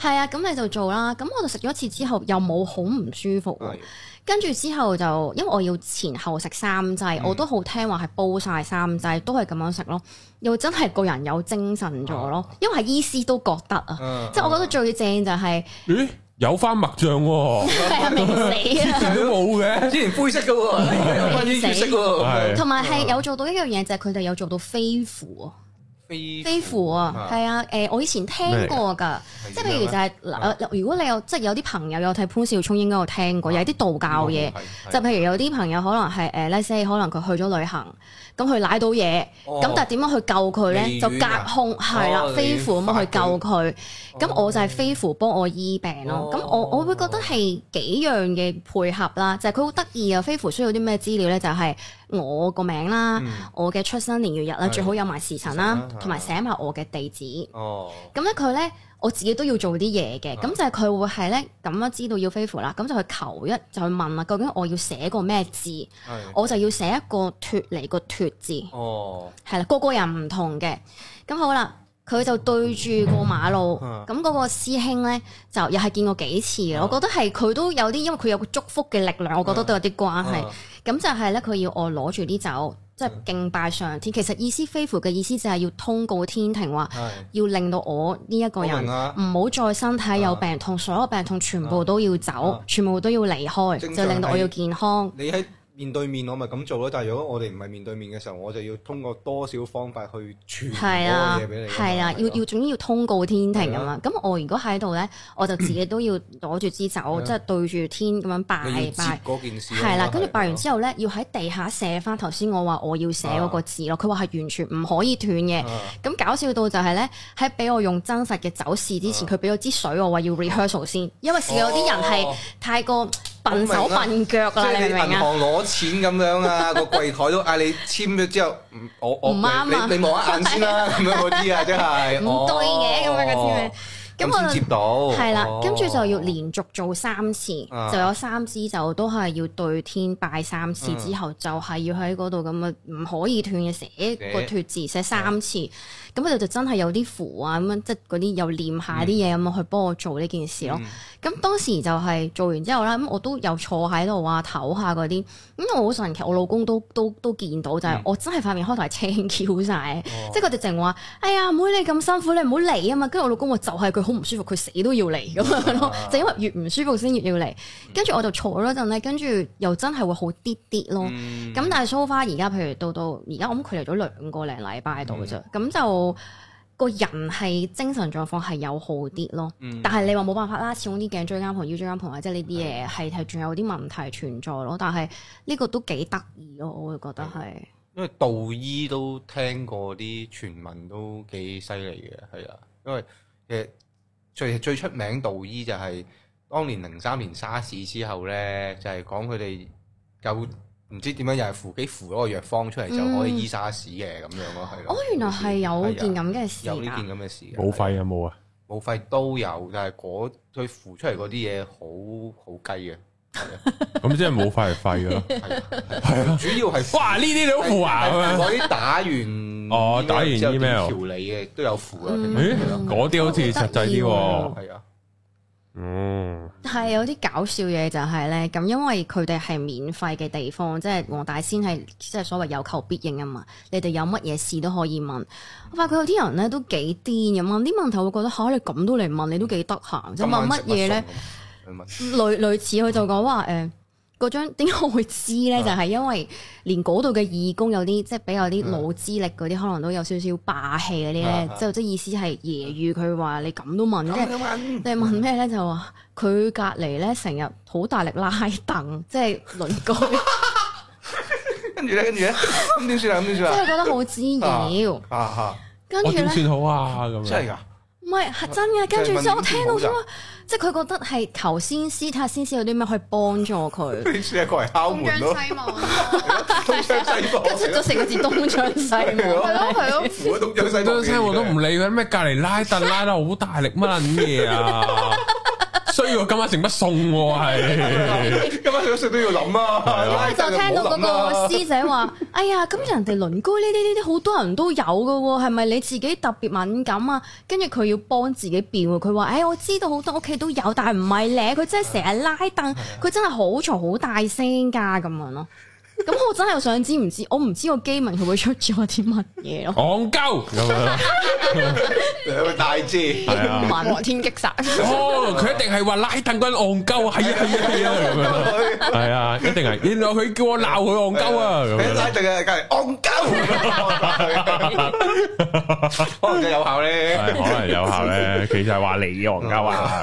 係啊，咁你就做啦。咁我就食咗一次之後，又冇好唔舒服。哎跟住之後就，因為我要前後食三劑，嗯、我都好聽話係煲晒三劑，都係咁樣食咯。又真係個人有精神咗咯，因為係醫師都覺得啊，嗯嗯即係我覺得最正就係、係，咦有翻墨醬喎，係啊明死啊 之前都冇嘅， 之前灰色嘅喎、啊，翻、啊、色同埋係有做到一樣嘢就係佢哋有做到飛符。飛符啊，係啊，誒我以前聽過㗎，即係譬如就係嗱，如果你有即係有啲朋友有睇潘紹聰，應該有聽過，有啲道教嘢，就譬如有啲朋友可能係誒 let's say 可能佢去咗旅行，咁佢舐到嘢，咁但係點樣去救佢咧？就隔空係啦，飛符咁樣去救佢，咁我就係飛符幫我醫病咯。咁我我會覺得係幾樣嘅配合啦，就係佢好得意啊。飛符需要啲咩資料咧？就係。我個名啦，嗯、我嘅出生年月日啦，最好有埋時辰啦，同埋、啊、寫埋我嘅地址。哦，咁咧佢咧我自己都要做啲嘢嘅，咁、哦、就係佢會係咧咁樣知道要飛符啦，咁就去求一就去問啦。究竟我要寫個咩字？哎、我就要寫一個脱離個脱字。哦，係啦，個個人唔同嘅。咁好啦，佢就對住個馬路，咁嗰、哦、個師兄咧就又係見過幾次。哦、我覺得係佢都有啲，因為佢有個祝福嘅力量，我覺得都有啲關係。嗯咁就係咧，佢要我攞住啲酒，即係敬拜上天。其實意思飛符嘅意思就係要通告天庭話，的要令到我呢一個人唔好再身體有病痛，的所有病痛全部都要走，的全部都要離開，的就令到我要健康。面對面我咪咁做咯，但係如果我哋唔係面對面嘅時候，我就要通過多少方法去傳嗰個嘢俾你，係啦，要要總之要通告天庭㗎嘛。咁我如果喺度咧，我就自己都要攞住支酒，即係對住天咁樣拜拜，件事係啦，跟住拜完之後咧，要喺地下寫翻頭先我話我要寫嗰個字咯。佢話係完全唔可以斷嘅。咁搞笑到就係咧，喺俾我用真實嘅走勢之前，佢俾咗支水，我話要 rehearsal 先，因為試過有啲人係太過，笨手笨腳啦，即係你銀行攞錢咁樣啊，個櫃檯都嗌你簽咗之後，唔，我我唔啱你你望一眼先啦，咁樣嗰啲啊，真係唔對嘅咁樣嘅啲咩？咁先接到，係啦，跟住就要連續做三次，就有三支就都係要對天拜三次之後，就係要喺嗰度咁啊，唔可以斷嘅寫個脫字，寫三次。咁佢哋就真係有啲符啊，咁樣即係嗰啲又念下啲嘢咁樣，去幫我做呢件事咯。咁、嗯嗯、當時就係做完之後啦，咁我都又坐喺度啊，唞下嗰啲。咁我好神奇，我老公都都都見到，就係我真係塊面開頭係青嬌曬，哦、即係佢哋淨話：哎呀，妹，妹你咁辛苦，你唔好嚟啊嘛。跟住我老公話：就係佢好唔舒服，佢死都要嚟咁樣咯， 就因為越唔舒服先越要嚟。跟住我就坐咗陣咧，跟住又真係會好啲啲咯。咁、嗯、但係 so far 而家，譬如到到而家，我咁佢嚟咗兩個零禮拜度啫，咁就。個人係精神狀況係有好啲咯，但係你話冇辦法啦，始終啲頸椎間盤、腰椎間盤啊，即係呢啲嘢，係係仲有啲問題存在咯。但係呢個都幾得意咯，我會覺得係、嗯。嗯嗯、因為道醫都聽過啲傳聞都幾犀利嘅。係啊，因為誒最最出名道醫就係當年零三年沙士之後咧，就係講佢哋有。唔知點樣又係扶幾扶咗個藥方出嚟就可以醫沙士嘅咁樣咯，係囉。哦，原來係有件咁嘅事。有呢件咁嘅事。冇肺有冇啊？冇肺都有，但係佢扶出嚟嗰啲嘢好好雞嘅。咁即係冇肺係肺咯。係啊。主要係哇，呢啲你好扶啊！嗰啲打完哦，打完 email 調理嘅都有扶啊。誒，嗰啲好似實際啲喎。係啊。嗯，係、mm hmm. 有啲搞笑嘢就係、是、咧，咁因為佢哋係免費嘅地方，即係黃大仙係即係所謂有求必應啊嘛，你哋有乜嘢事都可以問。我發覺有啲人咧都幾癲嘅，問啲問題會覺得吓、啊、你咁都嚟問，你都幾得閒，嗯、即係問乜嘢咧？類類似佢 就講話誒。哎嗰張點解我會知咧？就係、是、因為連嗰度嘅義工有啲即係比較啲攞資力嗰啲，可能都有少少霸氣嗰啲咧。即即、嗯嗯、意思係揶揄佢話：你咁都問？你、嗯、問咩咧？就話佢隔離咧，成日好大力拉凳，即、就、係、是、鄰居。」跟住咧，跟住咧，咁點算咁點算啊？真係覺得好滋擾。跟住我點算好啊？咁真係㗎？唔係係真嘅。跟住之後，我聽到咗。 即係佢覺得係頭先斯塔先師有啲咩可以幫助佢，東張西望。跟住出咗四個字東張西望咯，係咯係咯，東張西望我都唔理佢咩，隔籬拉凳拉得好大力乜撚嘢啊！ 需要今晚整不送喎、啊，係 今晚食都食都要諗啊！我就聽到嗰個師姐話：，哎呀，咁人哋鄰居呢啲呢啲好多人都有㗎喎、啊，係咪你自己特別敏感啊？跟住佢要幫自己變，佢話：，哎，我知道好多屋企都有，但係唔係咧，佢真係成日拉凳，佢真係好嘈好大聲㗎、啊，咁樣咯。咁我真係想知唔知我，我唔知個基文佢會出咗啲乜嘢咯？戇鳩，兩位大字萬天激殺 哦，佢一定係話拉凳君戇鳩，係啊係啊，係、嗯、啊，係啊， 一定係，原來佢叫我鬧佢戇鳩啊，拉頓啊，梗係戇鳩，戇鳩有效咧， 可能有效咧，其實係話你戇鳩啊，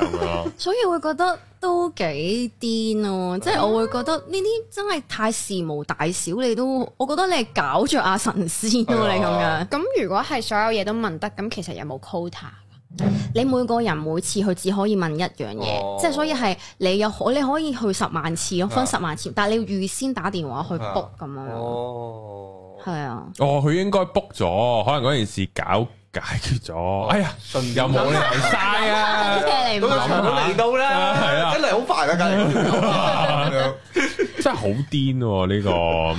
所以會覺得。都幾癲咯！即係我會覺得呢啲真係太事無大小，你都我覺得你係搞着阿神仙喎，你咁樣。咁如果係所有嘢都問得，咁其實有冇 quota？你每個人每次佢只可以問一樣嘢，即係所以係你有可你可以去十萬次咯，分十萬次，但係你要預先打電話去 book 咁樣。哦，係啊。哦，佢應該 book 咗，可能嗰件事搞解決咗。哎呀，信又冇嚟曬啊！都諗都嚟到啦～ 真係好癲喎，呢個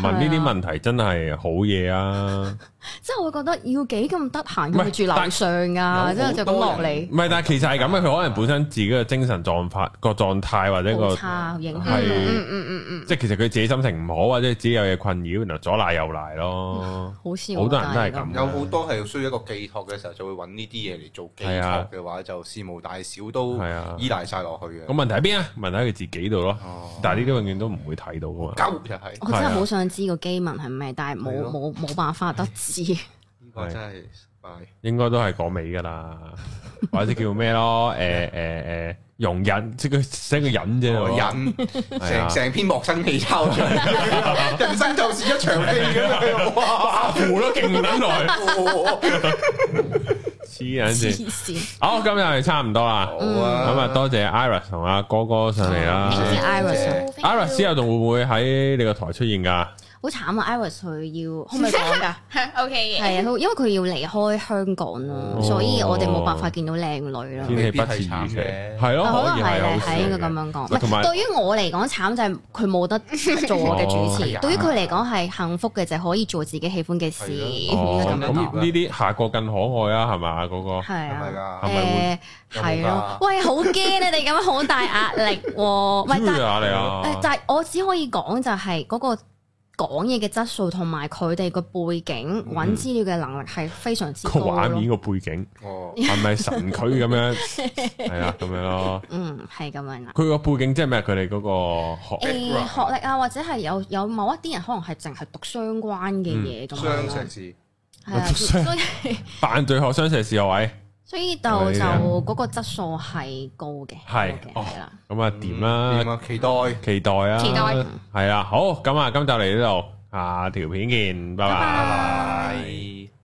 問呢啲問題真係好嘢啊！即係我會覺得要幾咁得閒去住樓上啊，即係就咁落嚟？唔係，但係其實係咁嘅，佢可能本身自己嘅精神狀態個狀態或者個差影響，嗯嗯嗯嗯，即係其實佢自己心情唔好，或者自己有嘢困擾，然後左賴右賴咯。好少，好多人都係咁，有好多係需要一個寄託嘅時候，就會搵呢啲嘢嚟做寄託嘅話，就事無大小都依賴曬落去嘅。咁問題喺邊啊？問題喺佢自己度咯。但係呢啲永遠都唔會睇到嘅。我真係好想知個機民係咩，但係冇冇冇辦法得呢個真係，應該都係講尾噶啦，或者叫咩咯？誒誒誒，容忍即佢個，即寫個忍啫，忍成成 篇莫生氣抄， 人生就是一場戲嘅，哇！胡都勁唔緊耐，痴人線。好，今日係差唔多啦，咁啊，多謝，謝 Iris 同阿哥哥上嚟啦。Iris，Iris 之後仲會唔會喺你個台出現噶？好慘啊！Iris 佢要可唔可以講噶？OK，係啊，因為佢要離開香港啊，所以我哋冇辦法見到靚女啦。天氣不自然嘅，係咯，可能係係應該咁樣講。唔係，對於我嚟講慘就係佢冇得做我嘅主持。對於佢嚟講係幸福嘅，就係可以做自己喜歡嘅事。咁呢啲下個更可愛啊？係咪？嗰個係啊，係咪會咯？喂，好驚你哋咁樣好大壓力喎！唔大壓力啊！但就係我只可以講就係嗰個。講嘢嘅質素同埋佢哋個背景搵資、嗯、料嘅能力係非常之高咯。個畫面個背景，係咪、哦、神區咁樣？係、 嗯、啊，咁樣咯。嗯，係咁樣啦。佢個背景即係咩？佢哋嗰個學、欸、學歷啊，或者係有有某一啲人可能係淨係讀相關嘅嘢咁。嗯啊、雙碩士係啊，所以犯罪學雙碩士學位。所以呢度就就嗰個質素係高嘅，係是，係啦 Okay,、哦，咁啊點啦？點、嗯、啊？期待，期待啊！期待，係待啊，好，咁啊，今就嚟呢度，下條片見，拜拜。拜拜拜拜。